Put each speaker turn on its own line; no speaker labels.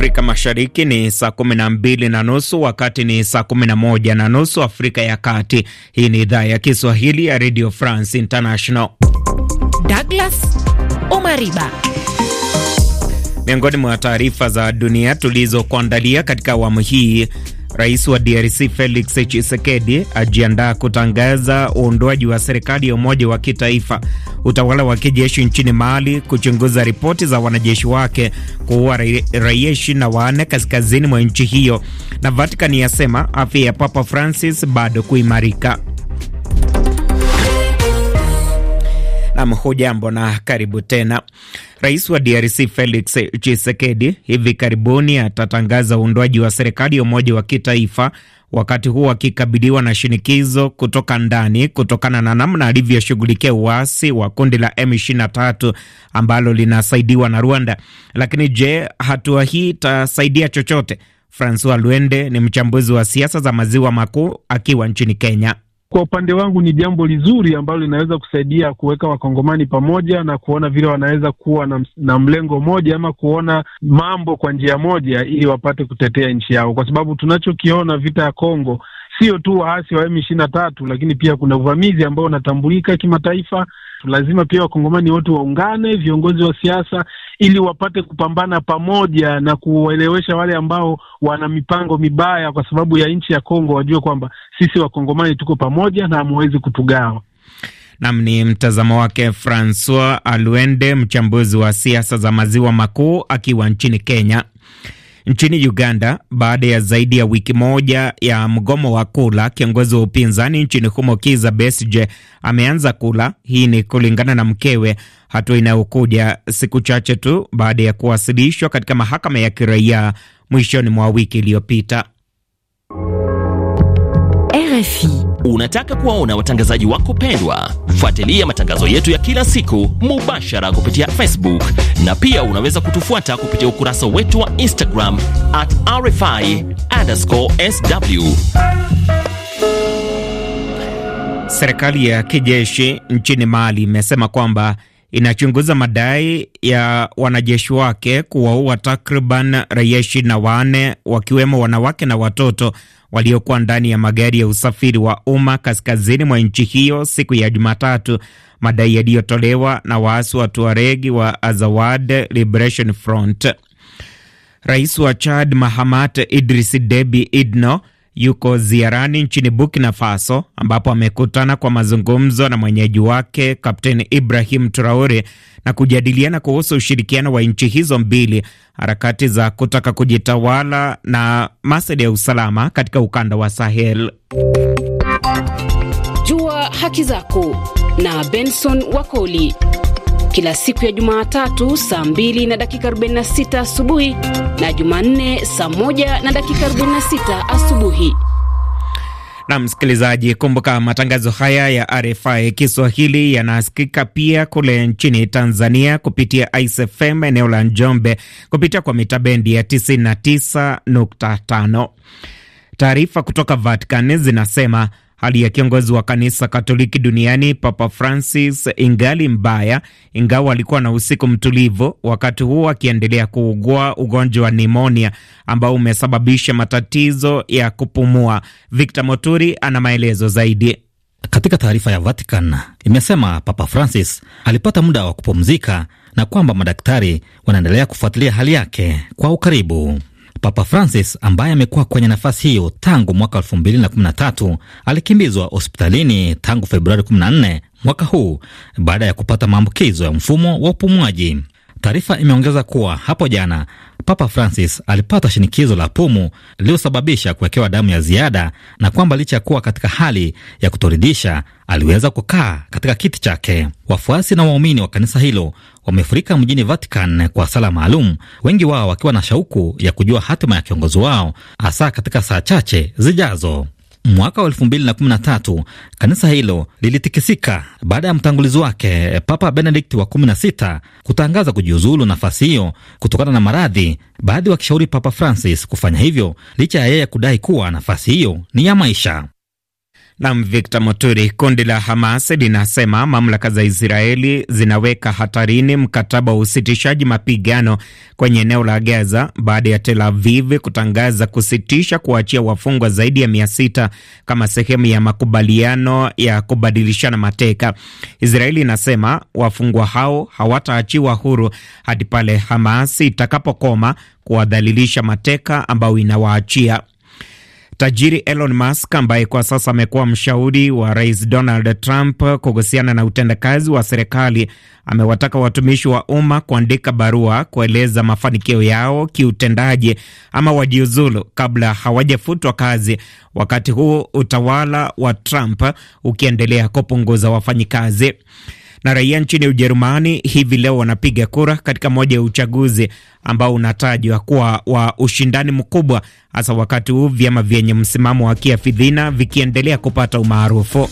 Afrika Mashariki ni saa kumi na mbili na nusu wakati ni saa kumi na moja na nusu Afrika ya Kati. Hii ni idhaa ya Kiswahili ya Radio France International. Douglas Omariba miongoni mwa taarifa za dunia tulizokuandalia katika awamu hii Rais wa DRC Felix Tshisekedi ajiandaa kutangaza uundwaji wa serikali ya umoja wa kitaifa, utawala wa kijeshi nchini Mali kuchunguza ripoti za wanajeshi wake kuua raia ishirini na wanne kaskazini mwa nchi hiyo, na Vatican yasema afya ya Papa Francis bado kuimarika. Hujambo na karibu tena. Rais wa DRC Felix Tshisekedi hivi karibuni atatangaza uundwaji wa serikali ya umoja wa kitaifa, wakati huo akikabiliwa na shinikizo kutoka ndani kutokana na namna alivyoshughulikia uasi wa kundi la M23 ambalo linasaidiwa na Rwanda. Lakini je, hatua hii itasaidia chochote? Francois Luende ni mchambuzi wa siasa za maziwa makuu akiwa nchini Kenya
kwa upande wangu ni jambo lizuri ambalo linaweza kusaidia kuweka wakongomani pamoja na kuona vile wanaweza kuwa na, na mlengo mmoja ama kuona mambo kwa njia moja ili wapate kutetea nchi yao, kwa sababu tunachokiona vita ya Kongo sio tu waasi wa M23, lakini pia kuna uvamizi ambao unatambulika kimataifa. Lazima pia wakongomani wote waungane, viongozi wa siasa, ili wapate kupambana pamoja na kuwaelewesha wale ambao wana mipango mibaya kwa sababu ya nchi ya Kongo, wajue kwamba sisi wakongomani tuko pamoja na hamwezi kutugawa.
Nam ni mtazamo wake Francois Aluende, mchambuzi wa siasa za maziwa makuu akiwa nchini Kenya. Nchini Uganda, baada ya zaidi ya wiki moja ya mgomo wa kula, kiongozi wa upinzani nchini humo Kizza Besigye ameanza kula. Hii ni kulingana na mkewe, hatua inayokuja siku chache tu baada ya kuwasilishwa katika mahakama ya kiraia mwishoni mwa wiki iliyopita.
RFI Unataka kuwaona watangazaji wako pendwa? Fuatilia matangazo yetu ya kila siku mubashara kupitia Facebook na pia unaweza kutufuata kupitia ukurasa wetu wa Instagram at RFI underscore sw.
Serikali ya kijeshi nchini Mali imesema kwamba inachunguza madai ya wanajeshi wake kuwaua takriban raia ishirini na wanne wakiwemo wanawake na watoto waliokuwa ndani ya magari ya usafiri wa umma kaskazini mwa nchi hiyo siku ya Jumatatu, madai yaliyotolewa na waasi wa Tuaregi wa Azawad Liberation Front. Rais wa Chad Mahamat Idris Debi Idno yuko ziarani nchini Burkina Faso ambapo amekutana kwa mazungumzo na mwenyeji wake Kapteni Ibrahim Traore na kujadiliana kuhusu ushirikiano wa nchi hizo mbili, harakati za kutaka kujitawala na masuala ya usalama katika ukanda wa Sahel. Jua haki zako na Benson Wakoli kila siku ya Jumatatu saa 2 na dakika 46 asubuhi na Jumanne saa 1 na dakika 46 asubuhi. Na msikilizaji, kumbuka matangazo haya ya RFI Kiswahili yanasikika pia kule nchini Tanzania kupitia ICFM eneo la Njombe kupitia kwa mitabendi ya 99.5. Taarifa kutoka Vatican zinasema Hali ya kiongozi wa kanisa Katoliki duniani Papa Francis ingali mbaya, ingawa alikuwa na usiku mtulivu, wakati huo akiendelea kuugua ugonjwa wa nimonia ambao umesababisha matatizo ya kupumua. Victor
Moturi ana maelezo zaidi. Katika taarifa ya Vatican imesema Papa Francis alipata muda wa kupumzika na kwamba madaktari wanaendelea kufuatilia hali yake kwa ukaribu. Papa Francis ambaye amekuwa kwenye nafasi hiyo tangu mwaka 2013 alikimbizwa hospitalini tangu Februari 14 mwaka huu baada ya kupata maambukizo ya mfumo wa upumuaji. Taarifa imeongeza kuwa hapo jana Papa Francis alipata shinikizo la pumu lililosababisha kuwekewa damu ya ziada na kwamba licha ya kuwa katika hali ya kutoridhisha aliweza kukaa katika kiti chake. Wafuasi na waumini wa kanisa hilo wamefurika mjini Vatican kwa sala maalum, wengi wao wakiwa na shauku ya kujua hatima ya kiongozi wao, hasa katika saa chache zijazo. Mwaka wa 2013 kanisa hilo lilitikisika baada ya mtangulizi wake eh, Papa Benedict wa 16 kutangaza kujiuzulu nafasi hiyo kutokana na maradhi, baadhi wakishauri Papa Francis kufanya hivyo licha ya yeye kudai kuwa nafasi hiyo ni ya maisha. Nam Victor Moturi. Kundi la Hamas linasema mamlaka za Israeli
zinaweka hatarini mkataba wa usitishaji mapigano kwenye eneo la Gaza baada ya Tel Aviv kutangaza kusitisha kuachia wafungwa zaidi ya mia sita kama sehemu ya makubaliano ya kubadilishana mateka. Israeli inasema wafungwa hao hawataachiwa huru hadi pale Hamas itakapokoma kuwadhalilisha mateka ambao inawaachia. Tajiri Elon Musk ambaye kwa sasa amekuwa mshauri wa Rais Donald Trump kuhusiana na utendakazi wa serikali amewataka watumishi wa umma kuandika barua kueleza mafanikio yao kiutendaji ama wajiuzulu kabla hawajafutwa kazi, wakati huu utawala wa Trump ukiendelea kupunguza wafanyikazi na raia nchini Ujerumani hivi leo wanapiga kura katika moja ya uchaguzi ambao unatajwa kuwa wa ushindani mkubwa, hasa wakati huu vyama vyenye msimamo wa kiafidhina vikiendelea kupata umaarufu.